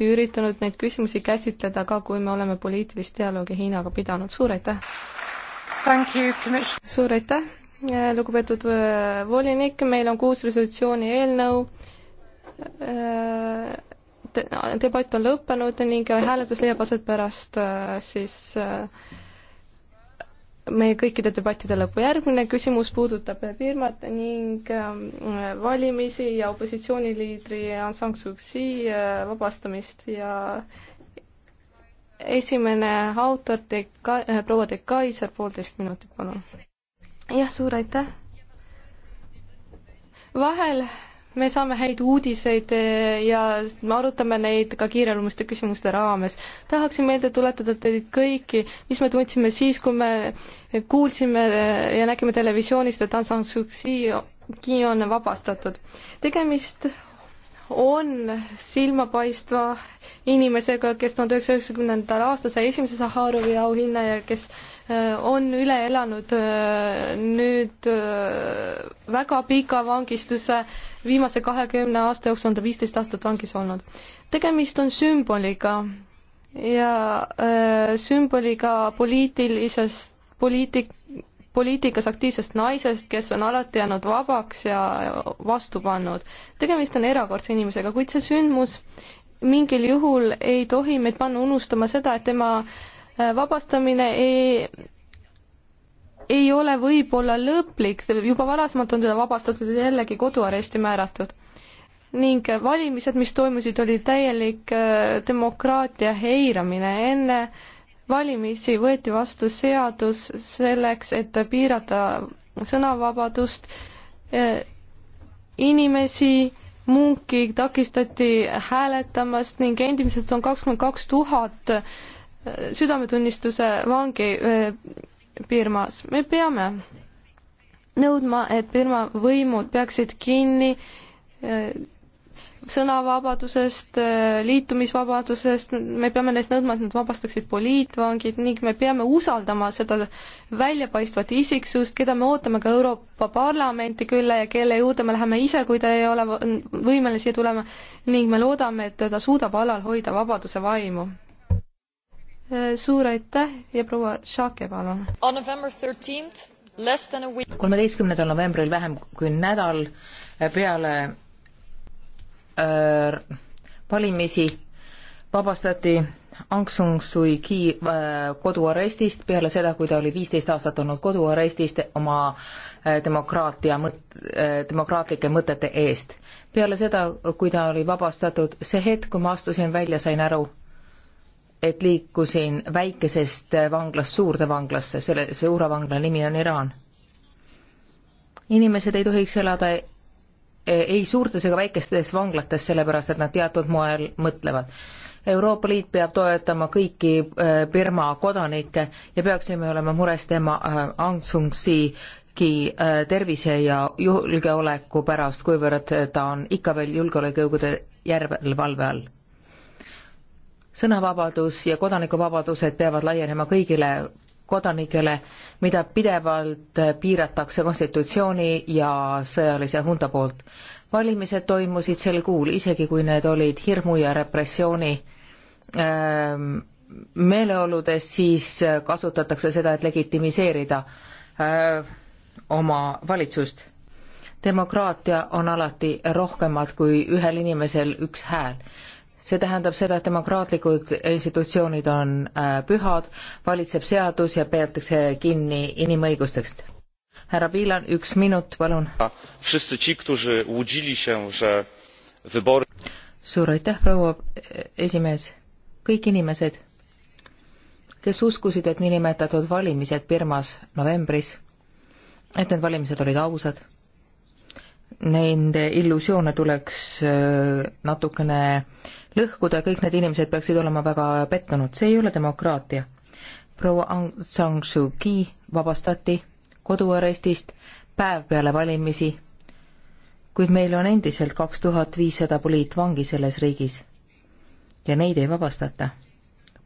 alati üritanud neid küsimusi käsitleda ka, kui me oleme poliitilist dialoogi Hiinaga pidanud, suur aitäh! suur aitäh, lugupeetud äh, volinik, meil on kuus resolutsiooni eelnõu äh, debatt on lõppenud ning hääletus leiab aset pärast äh, siis meie kõikide debattide lõppu. järgmine küsimus puudutab Birmat ning ähm, valimisi ja opositsiooniliidri Aung San Suu Kyi äh, vabastamist ja esimene autor, äh, proua de Kaiser, poolteist minutit, palun. jah, suur aitäh. vahel me saame häid uudiseid eh, ja me arutame neid ka kiireloomuliste küsimuste raames. tahaksin meelde tuletada teid kõiki, mis me tundsime siis, kui me kuulsime eh, ja nägime televisioonist, et Aung San Suu Kyi on vabastatud. tegemist on silmapaistva inimesega, kes tuhande üheksasaja üheksakümnendal aastal sai esimese Saharovi auhinna ja kes äh, on üle elanud äh, nüüd äh, väga pika vangistuse, viimase kahekümne aasta jooksul on ta viisteist aastat vangis olnud. tegemist on sümboliga ja sümboliga poliitilisest, poliitik-, poliitikas aktiivsest naisest, kes on alati jäänud vabaks ja vastu pannud. tegemist on erakordse inimesega, kuid see sündmus mingil juhul ei tohi meid panna unustama seda, et tema äh, vabastamine ei ei ole võib-olla lõplik, juba varasemalt on teda vabastatud ja jällegi koduaresti määratud. ning valimised, mis toimusid, oli täielik äh, demokraatia heiramine, enne äh, valimisi võeti vastu seadus selleks, et piirata sõnavabadust. E, inimesi, munki takistati hääletamast ning endiselt on kakskümmend kaks tuhat e, südametunnistuse vangi e, Birmas. me peame nõudma, et Birma võimud peaksid kinni sõnavabadusest, liitumisvabadusest, me peame neilt nõudma, et nad vabastaksid poliitvangid ning me peame usaldama seda väljapaistvat isiksust, keda me ootame ka Euroopa Parlamenti külla ja kelle juurde me läheme ise, kui ta ei ole võimeline siia tulema ning me loodame, et ta suudab alal hoida vabaduse vaimu. suur aitäh ja proua Šake, palun. kolmeteistkümnendal novembril vähem kui nädal peale Äh, valimisi vabastati Aung San Suu Kyi äh, koduarestist peale seda, kui ta oli viisteist aastat olnud koduarestis oma äh, demokraatia mõt-, demokraatlike mõtete eest. peale seda, kui ta oli vabastatud, see hetk, kui ma astusin välja, sain aru, et liikusin väikesest vanglast suurde vanglasse, selle, suure vangla nimi on Iraan. inimesed ei tohiks elada ei suurtes ega väikestes vanglates, sellepärast et nad teatud moel mõtlevad. Euroopa Liit peab toetama kõiki äh, Birma kodanikke ja peaksime olema mures tema äh, Aung San Suu'gi äh, tervise ja julgeoleku pärast, kuivõrd ta on ikka veel julgeolekujõugude järelevalve all sõnavabadus ja kodanikuvabadused peavad laienema kõigile kodanikele, mida pidevalt piiratakse konstitutsiooni ja sõjalise hunda poolt. valimised toimusid sel kuul, isegi kui need olid hirmu ja repressiooni ähm, meeleoludes, siis kasutatakse seda, et legitimiseerida äh, oma valitsust. demokraatia on alati rohkemad kui ühel inimesel üks hääl see tähendab seda, et demokraatlikud institutsioonid on äh, pühad, valitseb seadus ja peetakse kinni inimõigustest. härra Piilan, üks minut, palun. suur aitäh, proua e, esimees. kõik inimesed, kes uskusid, et niinimetatud valimised Birmas novembris, et need valimised olid ausad nende illusioone tuleks äh, natukene lõhkuda ja kõik need inimesed peaksid olema väga pettunud, see ei ole demokraatia. proua Aung San Suu Kyi vabastati koduarestist päev peale valimisi, kuid meil on endiselt kaks tuhat viissada poliitvangi selles riigis ja neid ei vabastata.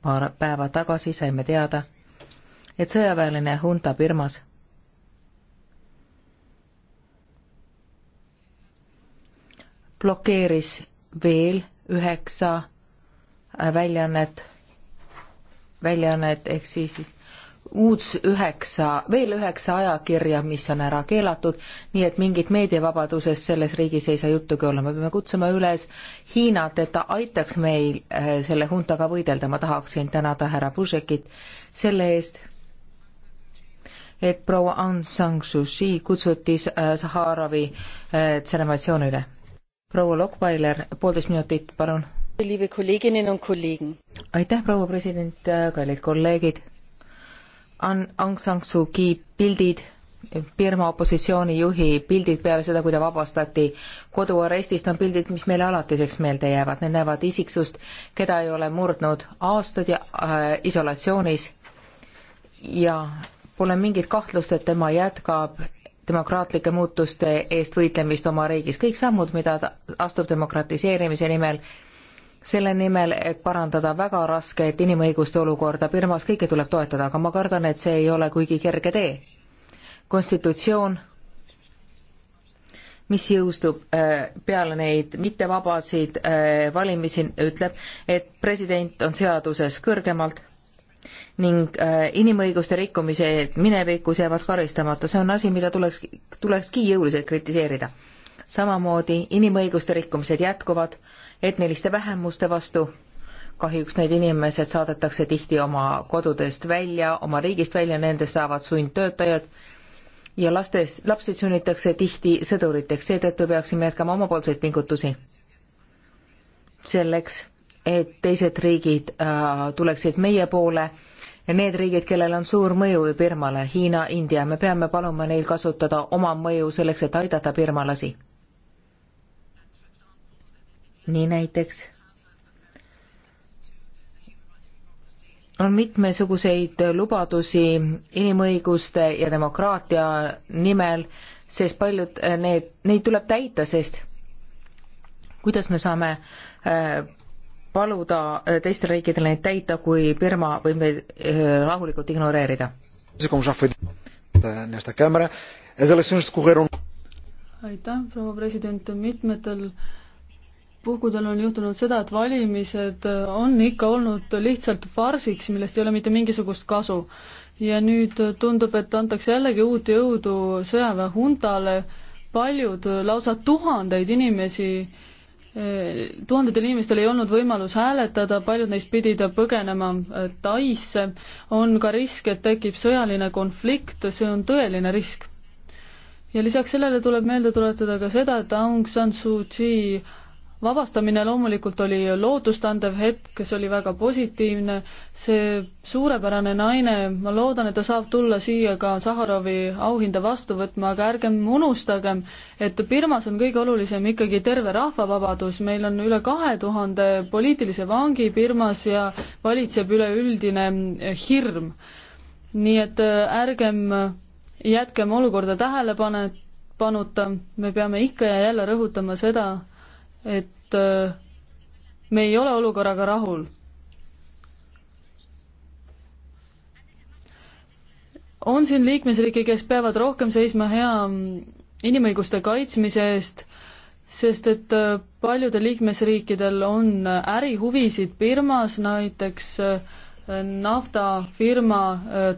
paar päeva tagasi saime teada, et sõjaväeline hunta Birmas blokeeris veel üheksa äh, väljaannet, väljaannet ehk siis, siis uus üheksa, veel üheksa ajakirja, mis on ära keelatud, nii et mingit meediavabadusest selles riigis ei saa juttugi olla, me peame kutsuma üles Hiinat, et ta aitaks meil äh, selle huntaga võidelda, ma tahaksin tänada härra Pušekit selle eest, et proua Aung San Suu Kyi kutsuti äh, Saharovi tseremonioonile proua Lokvailer, poolteist minutit, palun. aitäh, proua president, kallid kolleegid. Aung San Suu Kyi pildid, Birma opositsioonijuhi pildid peale seda, kui ta vabastati koduarestist, on pildid, mis meile alatiseks meelde jäävad, need näevad isiksust, keda ei ole murdnud aastaid ja äh, isolatsioonis ja pole mingit kahtlust, et tema jätkab demokraatlike muutuste eest võitlemist oma riigis, kõik sammud, mida ta astub demokratiseerimise nimel, selle nimel, et parandada väga rasket inimõiguste olukorda Birmas, kõike tuleb toetada, aga ma kardan, et see ei ole kuigi kerge tee. konstitutsioon, mis jõustub äh, peale neid mittevabasid äh, valimisi, ütleb, et president on seaduses kõrgemalt ning äh, inimõiguste rikkumised minevikus jäävad karistamata, see on asi, mida tuleks, tulekski jõuliselt kritiseerida. samamoodi inimõiguste rikkumised jätkuvad etniliste vähemuste vastu, kahjuks need inimesed saadetakse tihti oma kodudest välja, oma riigist välja, nendest saavad sundtöötajad ja lastes, lapsed sunnitakse tihti sõduriteks, seetõttu peaksime jätkama omapoolseid pingutusi selleks, et teised riigid äh, tuleksid meie poole ja need riigid, kellel on suur mõju Birmale, Hiina, India, me peame paluma neil kasutada oma mõju selleks, et aidata birmalasi. nii näiteks on mitmesuguseid lubadusi inimõiguste ja demokraatia nimel, sest paljud äh, need, neid tuleb täita, sest kuidas me saame äh, paluda äh, teistel riikidel neid täita, kui Birma võib meid äh, rahulikult ignoreerida. aitäh, proua president, mitmetel puhkudel on juhtunud seda, et valimised äh, on ikka olnud lihtsalt farsiks, millest ei ole mitte mingisugust kasu. ja nüüd tundub, et antakse jällegi uut jõudu sõjaväehuntale, paljud, lausa tuhandeid inimesi äh, tuhandetel inimestel ei olnud võimalus hääletada, paljud neist pidid põgenema äh, Taisse, on ka risk, et tekib sõjaline konflikt, see on tõeline risk. ja lisaks sellele tuleb meelde tuletada ka seda, et Aung San Suu Kyi vabastamine loomulikult oli lootustandev hetk, see oli väga positiivne, see suurepärane naine, ma loodan, et ta saab tulla siia ka Saharovi auhinda vastu võtma, aga ärgem unustagem, et Birmas on kõige olulisem ikkagi terve rahvavabadus, meil on üle kahe tuhande poliitilise vangi Birmas ja valitseb üleüldine eh, hirm. nii et eh, ärgem jätkem olukorda tähelepanuta, me peame ikka ja jälle rõhutama seda, et äh, me ei ole olukorraga rahul. on siin liikmesriike, kes peavad rohkem seisma hea inimõiguste kaitsmise eest, sest et äh, paljudel liikmesriikidel on ärihuvisid Birmas, näiteks äh, naftafirma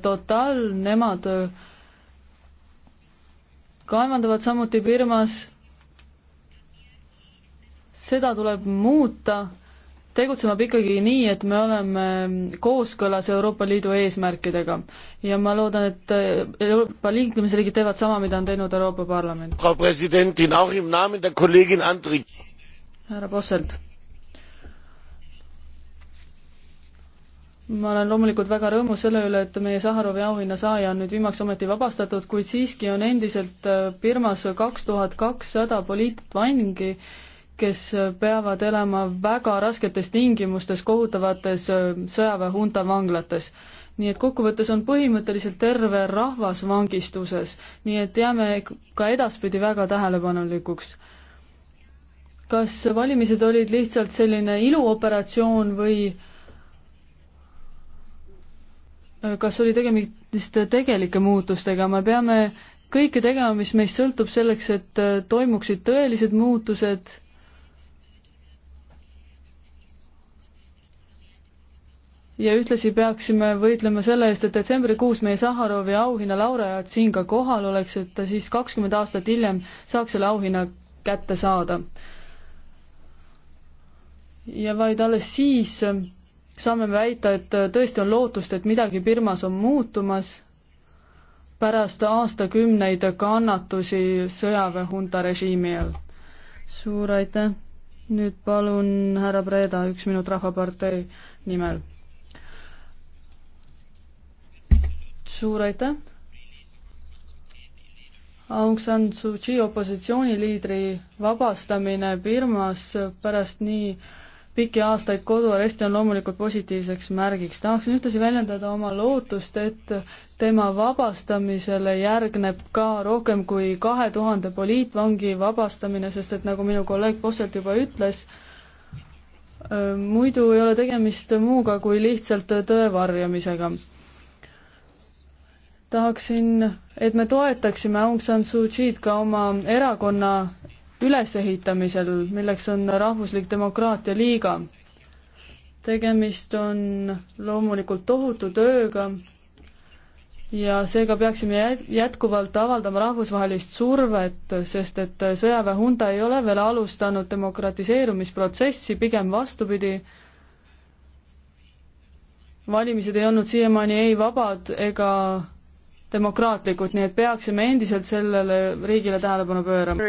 Total, nemad kaevandavad samuti Birmas seda tuleb muuta, tegutsema ikkagi nii, et me oleme kooskõlas Euroopa Liidu eesmärkidega. ja ma loodan, et äh, Euroopa liikmesriigid teevad sama, mida on teinud Euroopa Parlament. härra Posselt. ma olen loomulikult väga rõõmus selle üle, et meie Saharovi auhinna saaja on nüüd viimaks ometi vabastatud, kuid siiski on endiselt Birmas äh, kaks tuhat kakssada poliitvangi, kes peavad elama väga rasketes tingimustes, kohutavates äh, sõjaväehunta vanglates. nii et kokkuvõttes on põhimõtteliselt terve rahvas vangistuses, nii et jääme ka edaspidi väga tähelepanelikuks. kas valimised olid lihtsalt selline iluoperatsioon või äh, kas oli tegemist tegelike muutustega, me peame kõike tegema, mis meist sõltub selleks, et äh, toimuksid tõelised muutused ja ühtlasi peaksime võitlema selle eest, et detsembrikuus meie Saharovi auhinna laureaat siin ka kohal oleks, et ta siis kakskümmend aastat hiljem saaks selle auhinna kätte saada. ja vaid alles siis saame väita, et tõesti on lootust, et midagi Birmas on muutumas pärast aastakümneid kannatusi sõjaväehunta režiimi all. suur aitäh! nüüd palun härra Breda, üks minut Rahvapartei nimel suur aitäh! Aung San Suu Kyi opositsiooniliidri vabastamine Birmas pärast nii pikki aastaid koduaresti on loomulikult positiivseks märgiks. tahaksin ühtlasi väljendada oma lootust, et tema vabastamisele järgneb ka rohkem kui kahe tuhande poliitvangi vabastamine, sest et nagu minu kolleeg Posselt juba ütles, äh, muidu ei ole tegemist muuga kui lihtsalt tõe varjamisega tahaksin, et me toetaksime Aung San Suu Kyi'd ka oma erakonna ülesehitamisel, milleks on Rahvuslik Demokraatia Liiga. tegemist on loomulikult tohutu tööga ja seega peaksime jätkuvalt avaldama rahvusvahelist survet, sest et sõjaväehunda ei ole veel alustanud demokratiseerumisprotsessi, pigem vastupidi, valimised ei olnud siiamaani ei vabad ega demokraatlikud, nii et peaksime endiselt sellele riigile tähelepanu pöörama.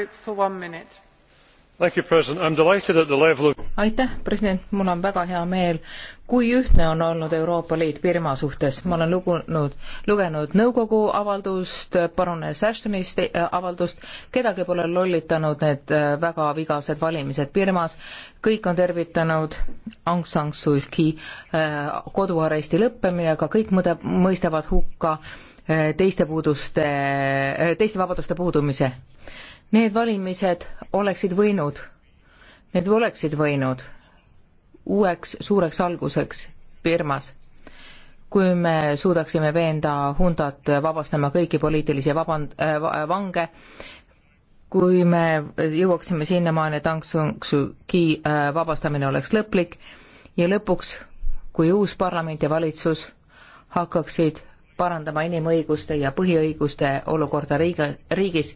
aitäh, president, mul on väga hea meel, kui ühtne on olnud Euroopa Liit Birma suhtes. ma olen lugunud, lugenud nõukogu avaldust, parunes Ashtonist äh, avaldust, kedagi pole lollitanud need äh, väga vigased valimised Birmas, kõik on tervitanud Aung San Suu Kyi äh, koduaresti lõppemine, aga kõik mõde-, mõistavad hukka äh, teiste puuduste, teiste vabaduste puudumise. Need valimised oleksid võinud, need oleksid võinud uueks suureks alguseks Birmas, kui me suudaksime veenda hundat vabastama kõiki poliitilisi vaband- äh,, vange, kui me jõuaksime sinnamaani, et Aung San Suu Kyi äh, vabastamine oleks lõplik ja lõpuks, kui uus parlament ja valitsus hakkaksid parandama inimõiguste ja põhiõiguste olukorda riiga, riigis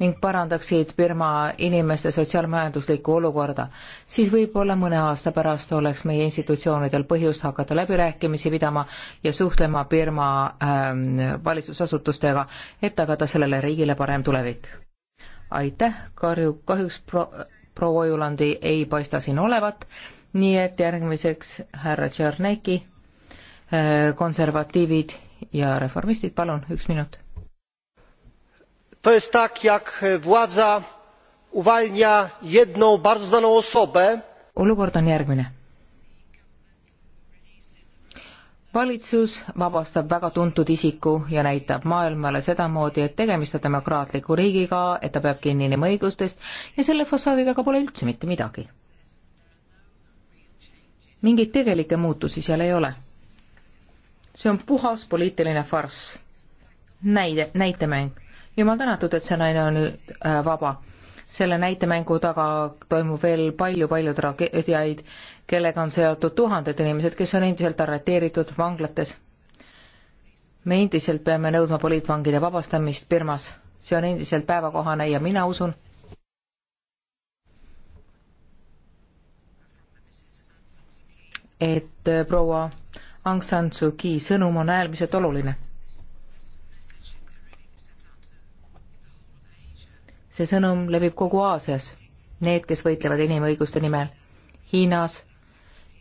ning parandaksid Birma inimeste sotsiaalmajanduslikku olukorda, siis võib-olla mõne aasta pärast oleks meie institutsioonidel põhjust hakata läbirääkimisi pidama ja suhtlema Birma ähm, valitsusasutustega, et tagada sellele riigile parem tulevik. aitäh, Karju, kahjuks pro-, proua Ojulandi ei paista siin olevat, nii et järgmiseks härra Tšernäki Äh, konservatiivid ja reformistid, palun, üks minut. To jest tak, jak władza uwalnia jedną bardzo znaną osobę. Olukord on järgmine. valitsus vabastab väga tuntud isiku ja näitab maailmale sedamoodi, et tegemist on demokraatliku riigiga, et ta peab kinni inimõigustest õigustest ja selle fassaadi taga pole üldse mitte midagi. mingeid tegelikke muutusi seal ei ole see on puhas poliitiline farss. näide, näitemäng. jumal tänatud, et see naine on nüüd äh, vaba. selle näitemängu taga toimub veel palju-palju tragediaid, kellega on seotud tuhanded inimesed, kes on endiselt arreteeritud vanglates. me endiselt peame nõudma poliitvangide vabastamist Birmas. see on endiselt päevakohane ja mina usun, et äh, proua äh, Aung San Suu Kyi sõnum on äärmiselt oluline. see sõnum levib kogu Aasias. Need, kes võitlevad inimõiguste nimel Hiinas,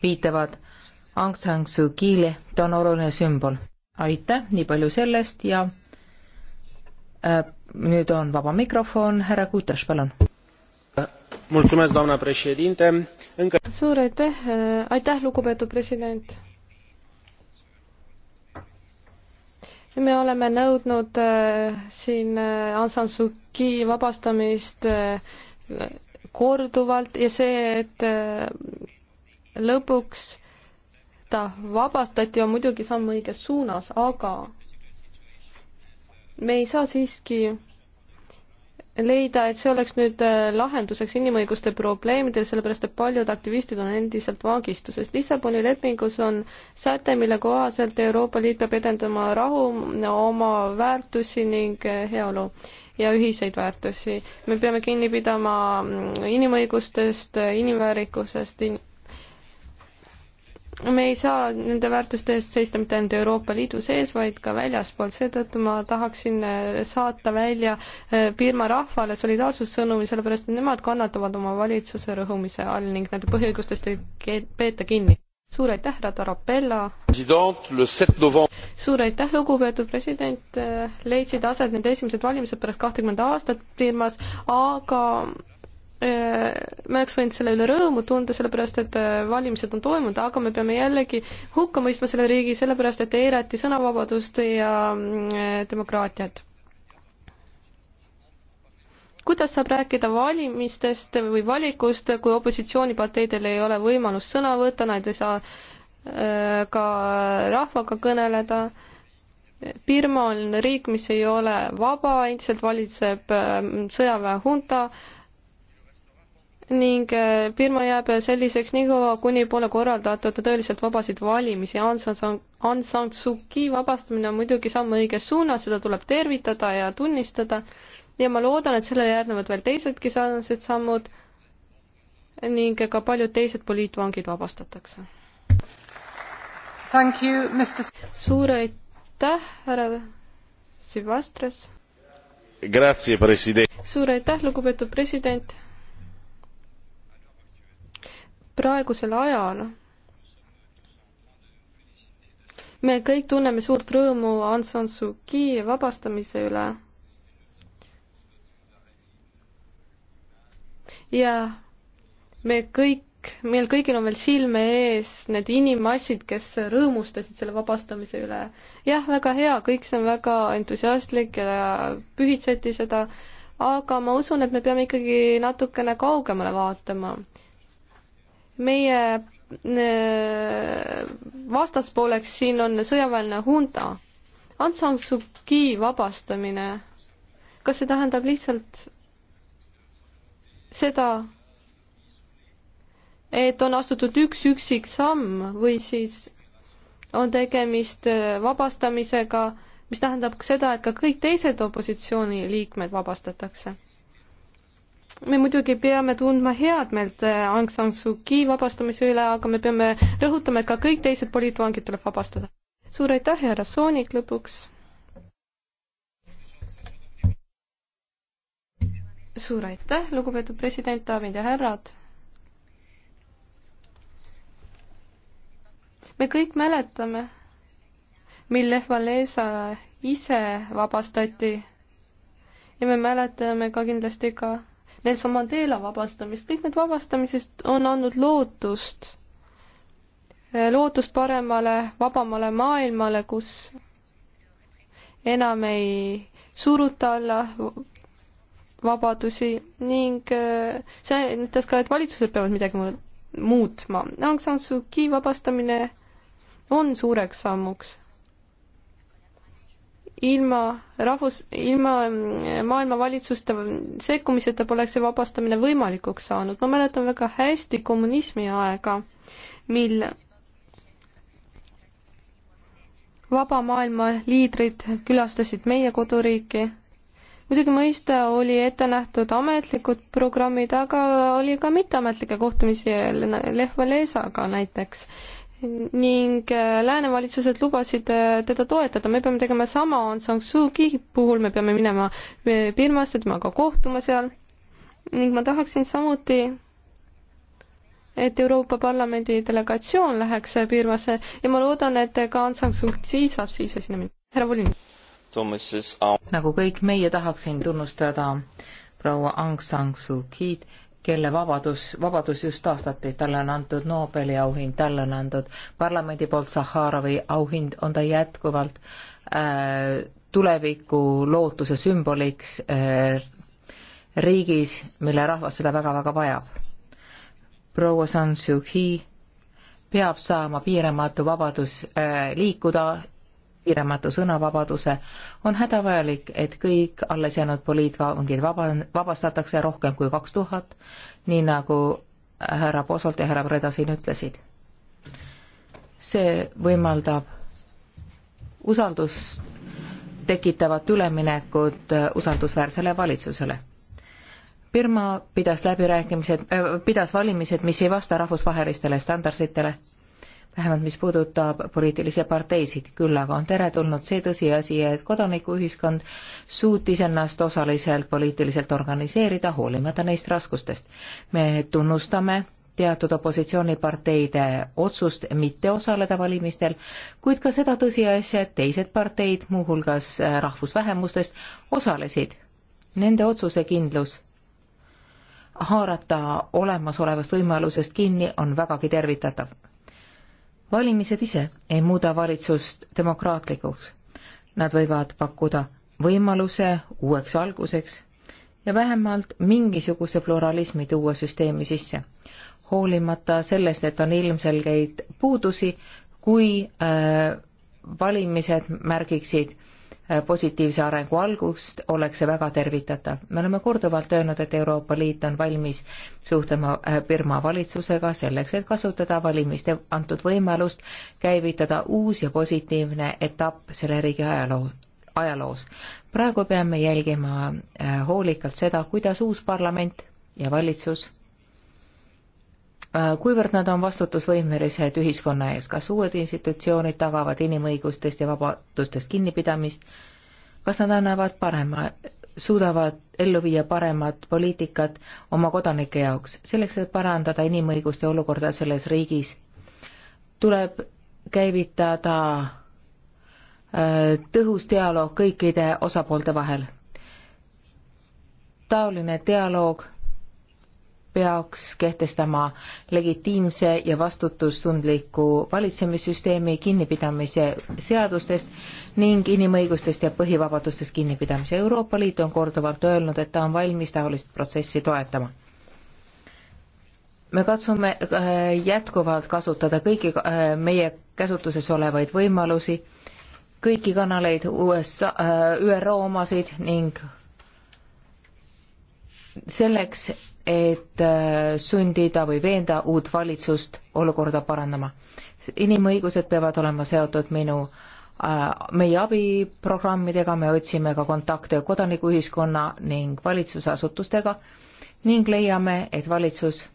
viitavad Aung San Suu Kyi'le, ta on oluline sümbol. aitäh, nii palju sellest ja äh, nüüd on vaba mikrofon, härra Kutas, palun suur aitäh äh, aitäh lugupeetud president me oleme nõudnud äh, siin äh, Aung San Suu Kyi vabastamist äh, korduvalt ja see, et äh, lõpuks ta vabastati, on muidugi samm õiges suunas, aga me ei saa siiski leida, et see oleks nüüd äh, lahenduseks inimõiguste probleemidele, sellepärast et paljud aktivistid on endiselt vangistuses. Lissaboni lepingus on säte, mille kohaselt Euroopa Liit peab edendama rahu, oma väärtusi ning äh, heaolu ja ühiseid väärtusi. me peame kinni pidama mm, inimõigustest, inimväärikusest in me ei saa nende väärtuste eest seista mitte ainult Euroopa Liidu sees, vaid ka väljaspool, seetõttu ma tahaksin äh, saata välja äh, Birma rahvale solidaarsussõnumi, sellepärast et nemad kannatavad oma valitsuse rõhumise all ning nende põhiõigustest ei peeta kinni. suur aitäh, härra Tarabella! suur aitäh, lugupeetud president, äh, leidsid aset need esimesed valimised pärast kahtekümmet aastat Birmas, aga Äh, me oleks võinud selle üle rõõmu tunda, sellepärast et äh, valimised on toimunud, aga me peame jällegi hukka mõistma selle riigi, sellepärast et eirati sõnavabadust ja mm, äh, demokraatiat. kuidas saab rääkida valimistest või valikust, kui opositsiooniparteidel ei ole võimalust sõna võtta, nad ei saa ka rahvaga kõneleda Birma on riik, mis ei ole vaba, endiselt valitseb sõjaväehunta, ning Birma äh, jääb selliseks niikaua, kuni pole korraldatud tõeliselt vabasid valimisi. Aung San Suu Kyi vabastamine on muidugi samm õiges suunas, seda tuleb tervitada ja tunnistada ja ma loodan, et sellele järgnevad veel teisedki sarnased sammud ning ka paljud teised poliitvangid vabastatakse. suur aitäh, härra Silvastres! suur aitäh, lugupeetud president! praegusel ajal me kõik tunneme suurt rõõmu Aung San Suu Kyi vabastamise üle. ja me kõik, meil kõigil on veel silme ees need inimmassid, kes rõõmustasid selle vabastamise üle. jah, väga hea, kõik see on väga entusiastlik ja pühitseti seda, aga ma usun, et me peame ikkagi natukene kaugemale vaatama meie äh, vastaspooleks siin on sõjaväeline hunta. Aung San Suu Kyi vabastamine, kas see tähendab lihtsalt seda, et on astutud üks üksik samm või siis on tegemist äh, vabastamisega, mis tähendab ka seda, et ka kõik teised opositsiooniliikmed vabastatakse me muidugi peame tundma headmeelt äh, Aung San Suu Kyi vabastamise üle, aga me peame rõhutama, et ka kõik teised poliitvangid tuleb vabastada. suur aitäh, härra Soonik lõpuks. suur aitäh, lugupeetud president, daamid ja härrad. me kõik mäletame, mil Lech Walesa ise vabastati ja me mäletame ka kindlasti ka Nelson Mandela vabastamist, kõik need vabastamisest on andnud lootust, eh, lootust paremale, vabamale maailmale, kus enam ei suruta alla vabadusi ning eh, see näitas ka, et valitsused peavad midagi muutma. Aung San Suu Kyi vabastamine on suureks sammuks ilma rahvus, ilma mm, maailmavalitsuste sekkumiseta poleks see vabastamine võimalikuks saanud. ma mäletan väga hästi kommunismi aega, mil vaba maailma liidrid külastasid meie koduriiki. muidugi mõista oli ette nähtud ametlikud programmid, aga oli ka mitteametlikke kohtumisi Lech Walesaga näiteks ning äh, lääne valitsused lubasid äh, teda toetada, me peame tegema sama Aung San Suu Kyi puhul, me peame minema äh, Birmasse, temaga kohtuma seal ning ma tahaksin samuti et Euroopa Parlamendi delegatsioon läheks Birmasse ja ma loodan, et ka Aung San Suu Kyi saab siis sinna minna. härra volinik. nagu kõik meie tahaksin tunnustada proua Aung San Suu Kyid, kelle vabadus, vabadus just taastati, talle on antud Nobeli auhind, talle on antud parlamendi poolt Sahharovi auhind, on ta jätkuvalt äh, tuleviku lootuse sümboliks äh, riigis, mille rahvas seda väga-väga vajab. proua San Suu Kyi peab saama piiramatu vabadus äh, liikuda piiramatu sõnavabaduse, on hädavajalik, et kõik alles jäänud poliitvangid vaba, vabastatakse rohkem kui kaks tuhat, nii nagu härra Posolt ja härra Preda siin ütlesid. see võimaldab usaldust tekitavat üleminekut usaldusväärsele valitsusele Birma pidas läbirääkimised, äh, pidas valimised, mis ei vasta rahvusvahelistele standarditele vähemalt mis puudutab poliitilisi parteisid. küll aga on teretulnud see tõsiasi, et kodanikuühiskond suutis ennast osaliselt poliitiliselt organiseerida, hoolimata neist raskustest. me tunnustame teatud opositsiooniparteide otsust mitte osaleda valimistel, kuid ka seda tõsiasja, et teised parteid, muuhulgas rahvusvähemustest, osalesid. Nende otsusekindlus haarata olemasolevast võimalusest kinni on vägagi tervitatav valimised ise ei muuda valitsust demokraatlikuks. Nad võivad pakkuda võimaluse uueks alguseks ja vähemalt mingisuguse pluralismi tuua süsteemi sisse. hoolimata sellest, et on ilmselgeid puudusi, kui äh, valimised märgiksid Äh, positiivse arengu algust, oleks see väga tervitatav. me oleme korduvalt öelnud, et Euroopa Liit on valmis suhtlema äh, Birma valitsusega selleks, et kasutada valimiste antud võimalust käivitada uus ja positiivne etapp selle riigi ajaloo, ajaloos. praegu peame jälgima äh, hoolikalt seda, kuidas uus parlament ja valitsus Äh, kuivõrd nad on vastutusvõimelised ühiskonna ees, kas uued institutsioonid tagavad inimõigustest ja vabadustest kinnipidamist, kas nad annavad parema, suudavad ellu viia paremat poliitikat oma kodanike jaoks, selleks et parandada inimõiguste olukorda selles riigis, tuleb käivitada äh, tõhus dialoog kõikide osapoolte vahel. taoline dialoog peaks kehtestama legitiimse ja vastutustundliku valitsemissüsteemi kinnipidamise seadustest ning inimõigustest ja põhivabadustest kinnipidamise. Euroopa Liit on korduvalt öelnud, et ta on valmis taolist protsessi toetama. me katsume äh, jätkuvalt kasutada kõiki äh, meie käsutuses olevaid võimalusi, kõiki kanaleid USA, äh, ÜRO omasid ning selleks, et äh, sundida või veenda uut valitsust olukorda parandama. inimõigused peavad olema seotud minu äh, meie abiprogrammidega me otsime ka kontakte kodanikuühiskonna ning valitsusasutustega ning leiame, et valitsus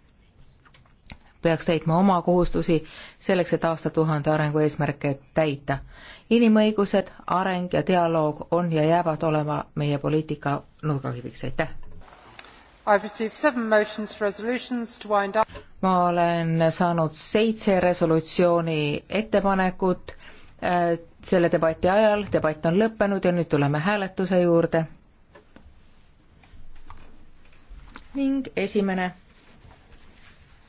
peaks täitma oma kohustusi selleks, et aastatuhande arengu eesmärke täita. inimõigused, areng ja dialoog on ja jäävad olema meie poliitika nurgakiviks, aitäh! ma olen saanud seitse resolutsiooni ettepanekut äh, selle debati ajal, debatt on lõppenud ja nüüd tuleme hääletuse juurde. ning esimene